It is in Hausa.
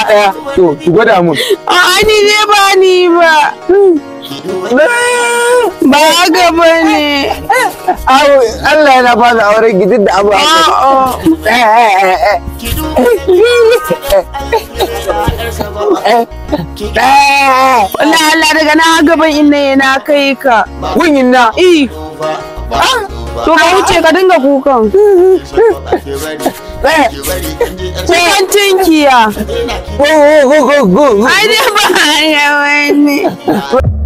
kwaya to ki gwada mun a'a ni ne ba ni ba ba haka ba ne Allah yana ba da auren gidi da abu Wala Allah daga na haka ban ina yana kai ka. Wun To ka wuce ka dinga kukan. Eh, kukan tinkiya. Ai dai